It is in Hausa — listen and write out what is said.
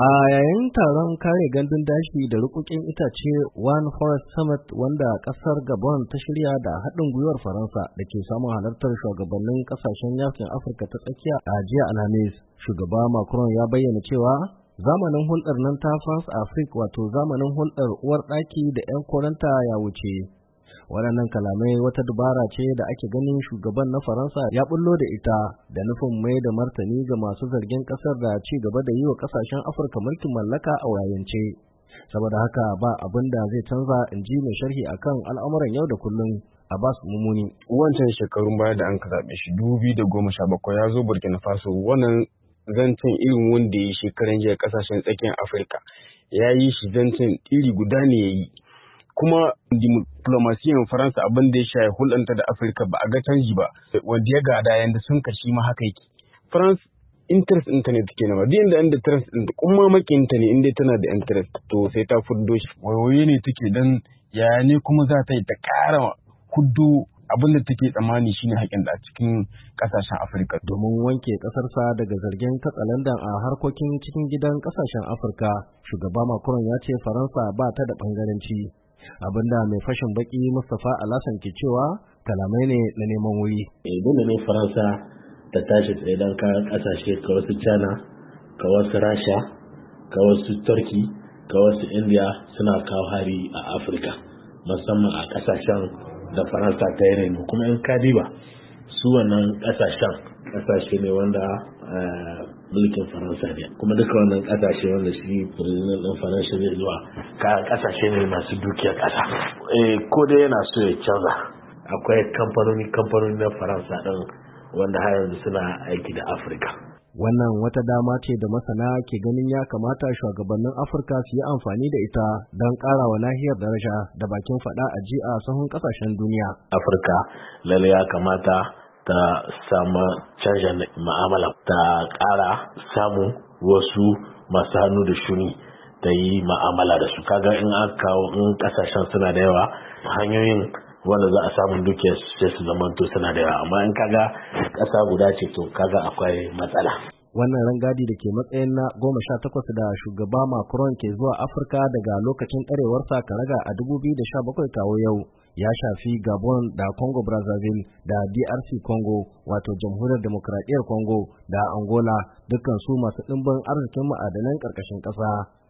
A yayin taron kare gandun dashi da rukukin itace One Forest Summit wanda kasar Gabon ta shirya da haɗin gwiwar Faransa da ke samun halartar shugabannin kasashen yakin Afirka ta tsakiya a jiya Alhamis, shugaba Macron ya bayyana cewa zamanin hulɗar nan ta France Afrique wato zamanin hulɗar uwar ɗaki da 'yan koranta ya wuce. waɗannan kalamai wata dubara ce da ake ganin shugaban na faransa ya bullo da ita da nufin mai da martani ga masu zargin kasar da ci gaba da yi wa kasashen afirka mulkin mallaka a wayance saboda haka ba abin da zai canza in ji mai sharhi akan al'amuran yau da kullum bas Mumuni. Wancan shekarun baya da an ka zaɓe shi dubi da goma sha bakwai ya zo Burkina Faso wannan zancen irin wanda ya shekaran jiya ƙasashen tsakiyar Afirka ya yi shi zancen iri guda ne ya yi. kuma diplomasiyan faransa abin da ya shaye hulɗanta da afirka ba a ga canji ba wanda ya gada yanda sun kashi ma haka yake france interest ɗinta ne take nema duk inda interest ɗinta kuma makinta ne inda tana da interest to sai ta fuddo shi wayoyi ne take dan ya ne kuma za ta yi ta kara hudu abin da take tsammani shine haƙin da a cikin ƙasashen Afirka. Domin wanke ƙasarsa daga zargin katsalandan a harkokin cikin gidan ƙasashen Afirka, shugaba Macron ya ce Faransa ba ta da ɓangaranci. abinda mai fashin baki mustapha alasan ke cewa kalamai ne na neman wuri idan eh, da ne faransa ta tashi tsaye don kayan kasashe ka wasu china ka wasu rasha ka wasu turki ka wasu india suna kawo hari a afirka musamman a kasashen da faransa ta yi reno kuma in ka diba su wannan kasashen kasashe ne wanda eh, mulkin faransa ne kuma duka wannan kasashe wanda shi firizinan ɗin faransa zai zuwa kasashe ne masu dukiyar kasa eh, ko dai yana so ya canza akwai kamfanoni kamfanoni na faransa din wanda har yanzu suna aiki da afirka wannan wata dama ce da masana ke ganin ya kamata shugabannin afirka su yi amfani da ita don ƙara wa nahiyar daraja da bakin faɗa a ji a sahun ƙasashen duniya afirka lalle ya kamata ta samu canjin ma'amala ta ƙara samun wasu masu hannu da shuni ta yi ma'amala da su kaga in aka kawo in kasashen suna da yawa hanyoyin wanda za a samu dukiyar sai su to suna da yawa amma in kaga kasa guda ce to kaga akwai matsala wannan rangadi da ke matsayin na goma sha takwas da shugaba Macron ke zuwa Afirka daga lokacin ɗarewarsa raga a dubu biyu da sha bakwai kawo yau ya shafi Gabon da Congo Brazzaville da DRC Congo wato jamhuriyar demokradiyyar Congo da Angola dukkan su masu ɗimbin arzikin ma'adanan ƙarƙashin ƙasa.